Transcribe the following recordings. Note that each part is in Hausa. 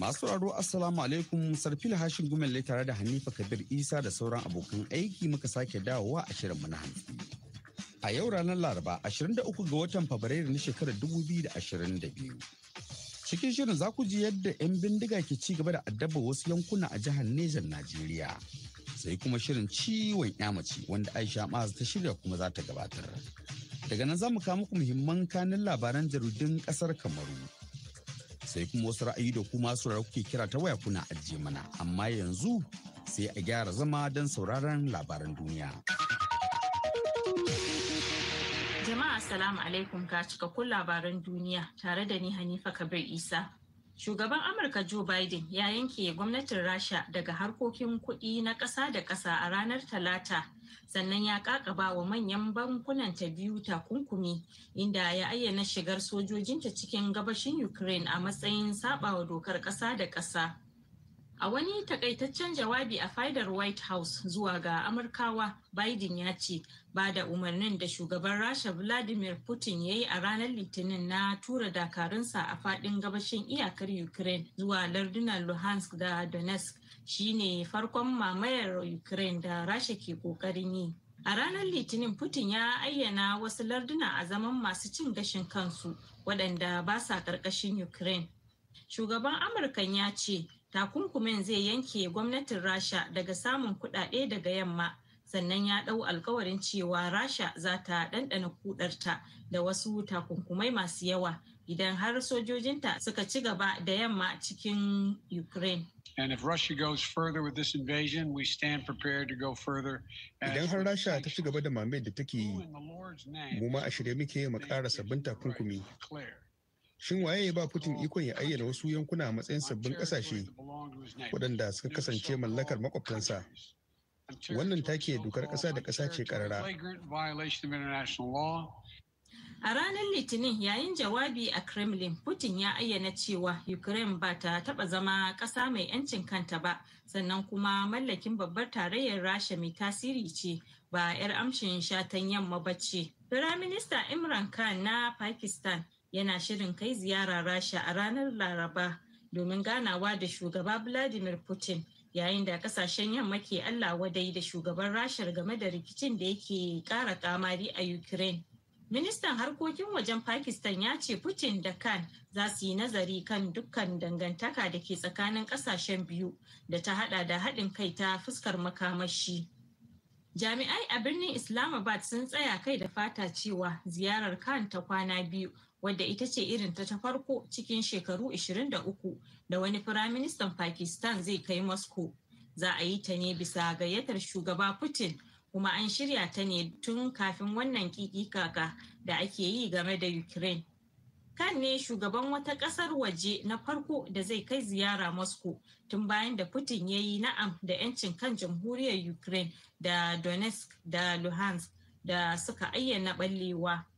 Masu raro Assalamu alaikum sarfil hashin gumelle tare da Hanifa Kabir Isa da sauran abokan aiki muka sake dawowa a shirin mu na hantsi. A yau ranar Laraba 23 ga watan Fabrairu na shekarar 2022. Cikin shirin za ku ji yadda 'yan bindiga ke ci gaba da addaba wasu yankuna a jihar Nejan Najeriya. Sai kuma shirin ciwon yamaci wanda Aisha Ma'az ta shirya kuma za ta gabatar. Daga nan za mu kawo muku muhimman kanin labaran jaridun ƙasar Kamaru. sai kuma wasu ra'ayi da kuma su kuke kira ta waya kuna ajiye mana amma yanzu sai a gyara zama don sauraron labaran duniya. Jama'a salamu alaikum ka cika kun labaran duniya tare da ni Hanifa Kabir Isa. Shugaban Amurka Joe Biden ya yanke gwamnatin Rasha daga harkokin kuɗi na ƙasa da ƙasa a ranar Talata, sannan ya ƙaƙaba wa manyan bankunan ta biyu takunkumi, inda ya ayyana shigar sojojinta cikin gabashin Ukraine a matsayin saɓawa dokar ƙasa da ƙasa. A wani takaitaccen jawabi a fadar White House zuwa ga Amurkawa, Biden ya ce ba da umarnin da shugaban Rasha Vladimir Putin ya yi a ranar Litinin na tura dakarunsa a fadin gabashin iyakar Ukraine zuwa lardunan Luhansk da Donetsk shine farkon mamayar Ukraine da Rasha ke kokarin yi. A ranar Litinin Putin ya ayyana wasu larduna a zaman masu cin gashin kansu waɗanda ba sa ƙarƙashin Ukraine. Shugaban Amurkan ya ce takunkumin zai yanke gwamnatin rasha daga samun kudade daga yamma sannan ya dau alkawarin cewa rasha za ta ɗanɗana kudarta da wasu takunkumai masu yawa idan har sojojinta suka ci gaba da yamma cikin ukraine And if Russia goes further with this invasion, we stand prepared to go further. Idan har Rasha ta ci gaba da mamayar da take yi, mu ma a shirye muke mu ƙara sabbin takunkumi. Shin waye ya ba Putin ikon ya ayyana wasu yankuna a matsayin sabbin ƙasashe waɗanda suka kasance mallakar makwabtansa? Wannan take dokar ƙasa da ƙasa ce ƙarara. A ranar Litinin yayin jawabi a Kremlin, Putin ya ayyana cewa Ukraine ba ta taɓa zama ƙasa mai 'yancin kanta ba, sannan kuma mallakin babbar tarayyar Rasha mai tasiri ce ba 'yar amshin shatan yamma ba ce. Firaminista Imran Khan na Pakistan yana shirin kai ziyara rasha a ranar laraba domin ganawa da shugaba vladimir putin yayin da kasashen yamma ke allah wadai da shugaban rashar game da rikicin da yake kara kamari a ukraine ministan harkokin wajen pakistan ya ce putin da khan za su yi nazari kan dukkan dangantaka da ke tsakanin kasashen biyu da ta hada da haɗin kai ta fuskar makamashi jami'ai a birnin islamabad sun tsaya kai da fata cewa ziyarar khan ta kwana biyu wadda ita ce irin ta ta farko cikin shekaru 23 da wani firaministan pakistan zai kai moscow za a yi ta ne bisa gayyatar shugaba putin kuma an shirya ta ne tun kafin wannan kikikaka da ake yi game da ukraine kan ne shugaban wata kasar waje na farko da zai kai ziyara moscow tun bayan da putin ya yi na'am da 'yancin kan jamhuriyar ukraine da donetsk da luhansk da suka ayyana ɓallewa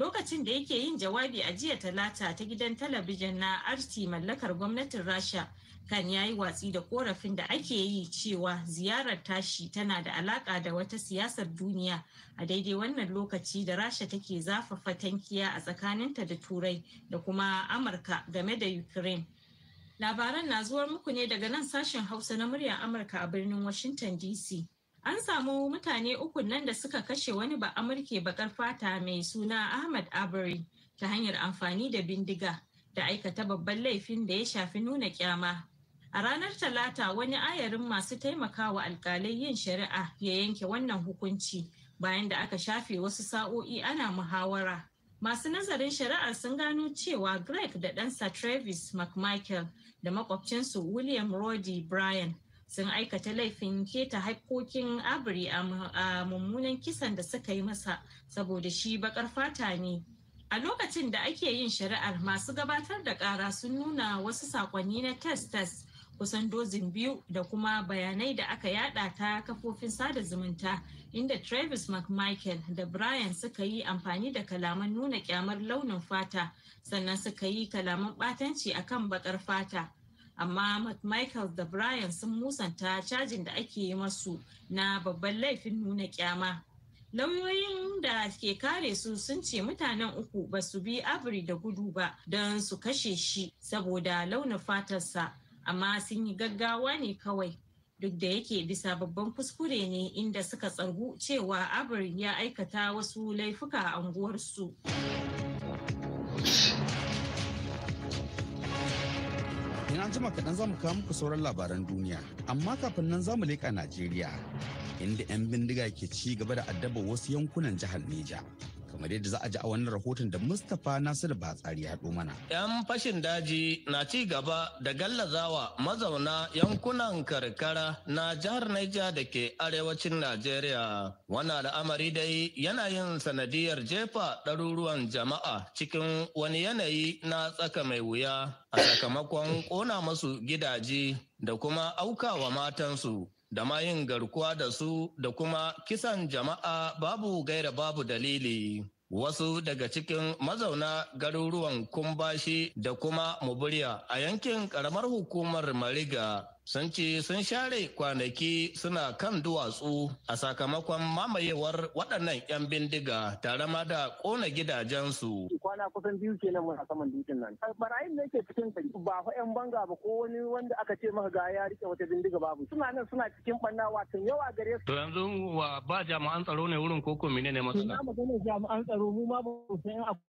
lokacin da yake yin jawabi a jiya talata ta gidan talabijin na rt mallakar gwamnatin rasha kan ya yi watsi da korafin da ake yi cewa ziyarar tashi tana da alaka da wata siyasar duniya a daidai wannan lokaci da rasha take zafafa tankiya a tsakaninta da turai da kuma amurka game da ukraine labaran na zuwar muku ne daga nan sashen hausa na muryar amurka a birnin washington dc An samu mutane uku nan da suka kashe wani ba Amurke bakar fata mai suna Ahmad Abari ta hanyar amfani da bindiga da aikata babban laifin da ya shafi nuna kyama. A ranar Talata wani ayarin masu taimakawa alkalai yin shari'a ya yanke wannan hukunci bayan da aka shafe wasu sa'o'i ana muhawara. Masu nazarin shari'ar sun gano cewa Greg da ɗansa Travis McMichael da makwabcinsu William Roddy Bryan sun aikata laifin keta haƙƙoƙin abri a mummunan kisan da suka yi masa saboda shi bakar fata ne a lokacin da ake yin shari'ar masu gabatar da ƙara sun nuna wasu saƙonni na test-test kusan dozin biyu da kuma bayanai da aka yada ta kafofin sada zumunta inda travis mcmichael da brian suka yi amfani da kalaman nuna kyamar launin fata sannan suka yi kalaman batanci akan bakar fata amma michael da brian sun musanta cajin da ake yi masu na babban laifin nuna kyama lauyoyin da ke kare su sun ce mutanen uku ba su bi abri da gudu ba don su kashe shi saboda launa fatarsa amma sun yi gaggawa ne kawai duk da yake bisa babban kuskure ne inda suka tsargu cewa abri ya aikata wasu laifuka a unguwarsu. an jima kaɗan za mu kawo muku sauran labaran duniya, amma kafin nan za mu leƙa Najeriya, inda 'yan bindiga ke ci gaba da addaba wasu yankunan jihar Neja. kamar yadda za a ji a wannan rahoton da Mustapha Nasiru Batsari ya mana. 'Yan fashin daji na ci gaba da gallazawa mazauna yankunan karkara na jihar Niger da ke arewacin Najeriya. Wannan al'amari dai yana yin sanadiyar jefa ɗaruruwan jama'a cikin wani yanayi na tsaka mai wuya a sakamakon ƙona masu gidaje da kuma aukawa matansu. da ma yin garkuwa da su da kuma kisan jama'a babu gaira babu dalili. Wasu daga cikin mazauna garuruwan Kumbashi da kuma Muburiya a yankin ƙaramar hukumar Mariga sun ce sun share kwanaki suna kan duwatsu a sakamakon mamayewar waɗannan 'yan bindiga tare ma da ƙona gidajensu. Kwana kusan biyu kenan muna saman dutsen nan. Barayin da yake cikin sa ba fa 'yan banga ba ko wani wanda aka ce maka ga ya rike wata bindiga babu. Suna nan suna cikin ɓanna watan yawa gare su. To yanzu wa ba jami'an tsaro ne wurin koko mene ne masana. Ina maganin jami'an tsaro mu ma ba mu san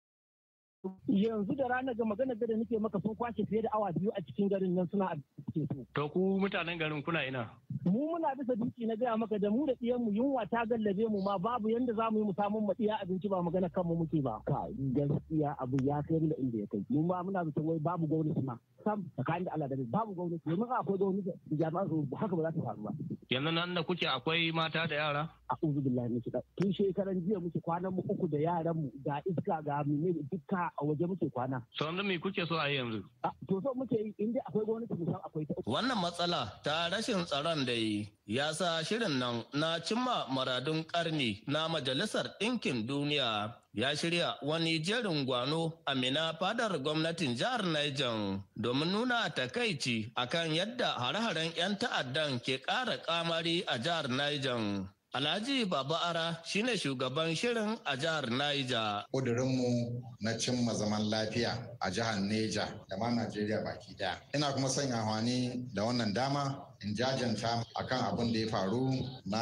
yanzu da ranar ga magana da nake maka sun kwashe fiye da awa biyu a cikin garin nan suna cikin so. To ku mutanen garin kuna ina? Mu muna bisa duki na gaya maka da mu da ɗiyan mu yunwa ta gallabe mu ma babu yanda za mu yi mu samun mu ɗiya abinci ba magana kanmu muke ba. Ka gaskiya abu ya kai mu da inda ya kai. Mu ma muna bisa wai babu gwamnati ma. Sam tsakanin da Allah da babu gwamnati domin akwai gwamnati jami'an su haka ba za ta faru ba. Yanzu nan da kuke akwai mata da yara? A uzu billahi muke tun shekaran jiya muke kwanan mu uku da yaran mu ga iska ga mene dukka a waje muke kwana. me kuke so a yi yanzu? To so muke yi inda akwai akwai ta. Wannan matsala ta rashin tsaron da yi ya sa shirin nan na cimma maradun karni na Majalisar Ɗinkin Duniya ya shirya wani jerin gwano a mina fadar gwamnatin jihar Niger domin nuna takaici akan yadda hare-haren 'yan ta'addan ke ƙara kamari a jihar Niger. Alhaji Baba Ara ne shugaban shirin a jihar Niger. mu na cimma zaman lafiya a jihar Neja da ma Najeriya baki daya. Ina kuma sanya hwani da wannan dama in jajanta akan abin da ya faru na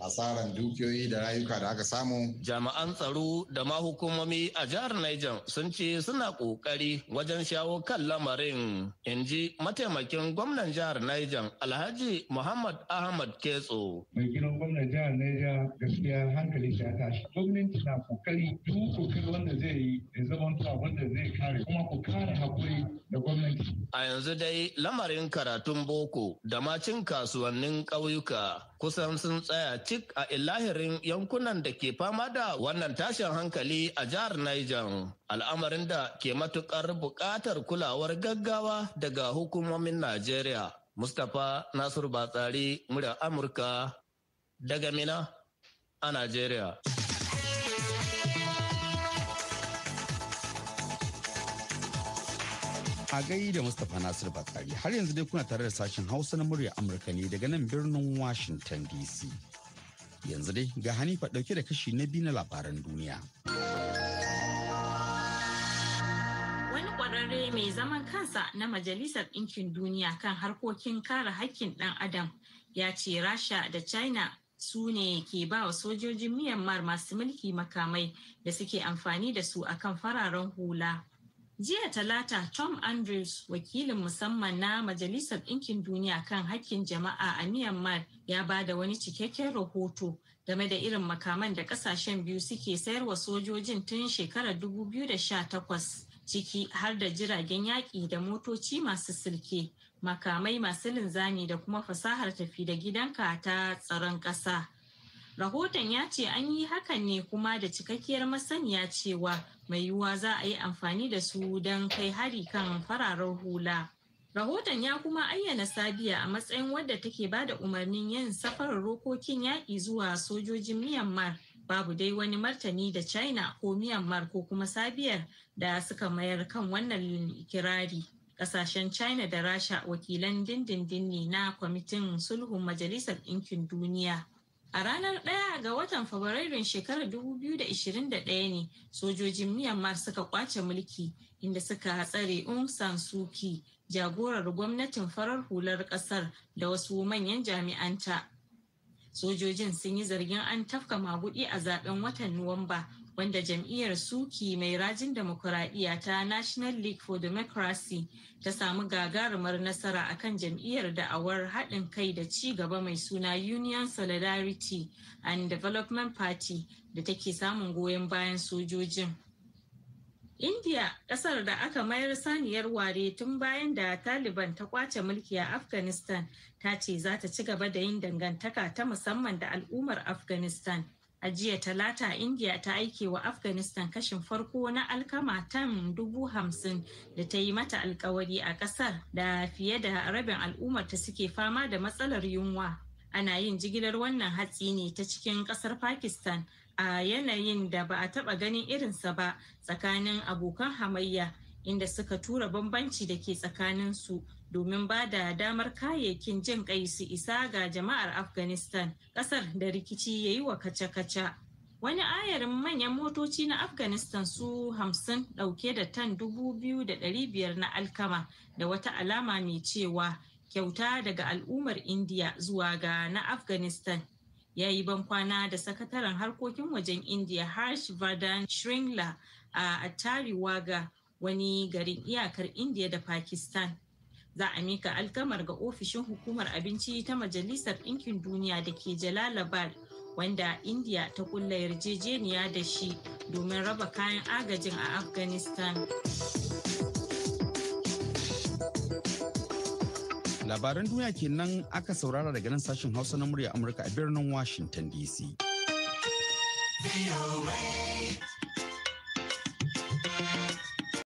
asaran dukiyoyi da rayuka da aka samu. Jami'an tsaro da ma hukumomi a jihar Niger sun ce suna kokari wajen shawo kan lamarin in ji mataimakin gwamnan jihar Niger Alhaji Muhammad Ahmad Ketso. Mai gidan gwamnan jihar Niger gaskiya hankali shi tashi. Gwamnati na kokari duk kokari wanda zai yi ya zama wanda zai kare kuma ku kare hakuri da gwamnati. A yanzu dai lamarin karatun boko da macin kasuwannin ƙauyuka kusan sun tsaya cik a ilahirin yankunan da ke fama da wannan tashin hankali a jihar Niger. Al'amarin da ke matuƙar buƙatar kulawar gaggawa daga hukumomin Najeriya. Mustapha Nasiru Batsari, murya Amurka daga Mina a Najeriya. A gai da Mustapha Nasir Bakari har yanzu dai kuna tare da sashen Hausa na murya Amurka ne daga nan birnin Washington DC. Yanzu dai ga Hanifa ɗauke da kashi na biyu na labaran duniya. Wani ƙwararre mai zaman kansa na Majalisar Ɗinkin Duniya kan harkokin kare haƙƙin ɗan Adam ya ce Rasha da China su ne ke ba wa sojojin Myanmar masu mulki makamai da suke amfani da su akan fararen hula. Jiya Talata, Tom Andrews, wakilin musamman na Majalisar Ɗinkin Duniya kan hakkin jama'a a Myanmar, ya ba da wani cikakken rahoto game da irin makaman da ƙasashen biyu suke sayarwa sojojin tun shekarar 2018, ciki har da jiragen yaƙi da motoci masu silke, makamai masu linzami da kuma fasahar tafi da gidanka ta tsaron ƙasa. Rahoton ya ce an yi hakan ne kuma da cikakkiyar masaniya cewa mai yiwuwa za a yi amfani da su don kai hari kan fararen hula. Rahoton ya kuma ayyana Sabiya a matsayin wadda take ba da umarnin yin safarar rokokin yaƙi zuwa sojojin Myanmar. Babu dai wani martani da China ko Myanmar ko kuma Sabiyar da suka mayar kan wannan ikirari kasashen China da Rasha wakilan dindindin ne na kwamitin sulhun Majalisar Ɗinkin Duniya. A ranar ɗaya ga watan Fabrairun shekarar 2021 ne sojojin Myanmar suka kwace mulki inda suka hatsare Aung San Suu jagorar gwamnatin farar hular ƙasar da wasu manyan jami'anta. Sojojin sun yi zargin an tafka maguɗi a zaben watan Nuwamba wanda jam'iyyar suki mai rajin demokuraɗiyya ta national league for democracy ta samu gagarumar nasara a kan jam'iyyar da'awar haɗin kai da ci gaba mai suna union solidarity and development party da take samun goyon bayan sojojin india ƙasar da aka mayar saniyar ware tun bayan da taliban ta kwace mulki a afghanistan ta ce za ta ci gaba da yin dangantaka ta musamman da al'ummar afghanistan A jiya talata India ta aike wa Afghanistan kashin farko na alkama tan dubu hamsin da ta yi mata alkawari a kasar da fiye da rabin al'ummarta suke fama da matsalar yunwa. Ana yin jigilar wannan hatsi ne ta cikin kasar Pakistan a yanayin da ba a taba ganin irinsa ba tsakanin abokan hamayya inda suka tura bambanci da ke tsakanin su. domin ba da damar kayayyakin jin kai su isa ga jama'ar afghanistan kasar da rikici ya yi wa kace kaca wani ayarin manyan motoci na afghanistan su hamsin dauke da tan dubu biyu da biyar na alkama da wata alama mai cewa kyauta daga al'ummar indiya zuwa ga na afghanistan ya yi bankwana da sakataren harkokin wajen indiya harsh vardhan shringla a ga wani garin iyakar indiya da pakistan za a mika alkamar ga ofishin hukumar abinci ta majalisar ɗinkin duniya da ke jalalabad wanda indiya ta kulla yarjejeniya da shi domin raba kayan agajin a afghanistan labaran duniya kenan aka saurara daga nan sashen hausa na murya amurka a birnin washington dc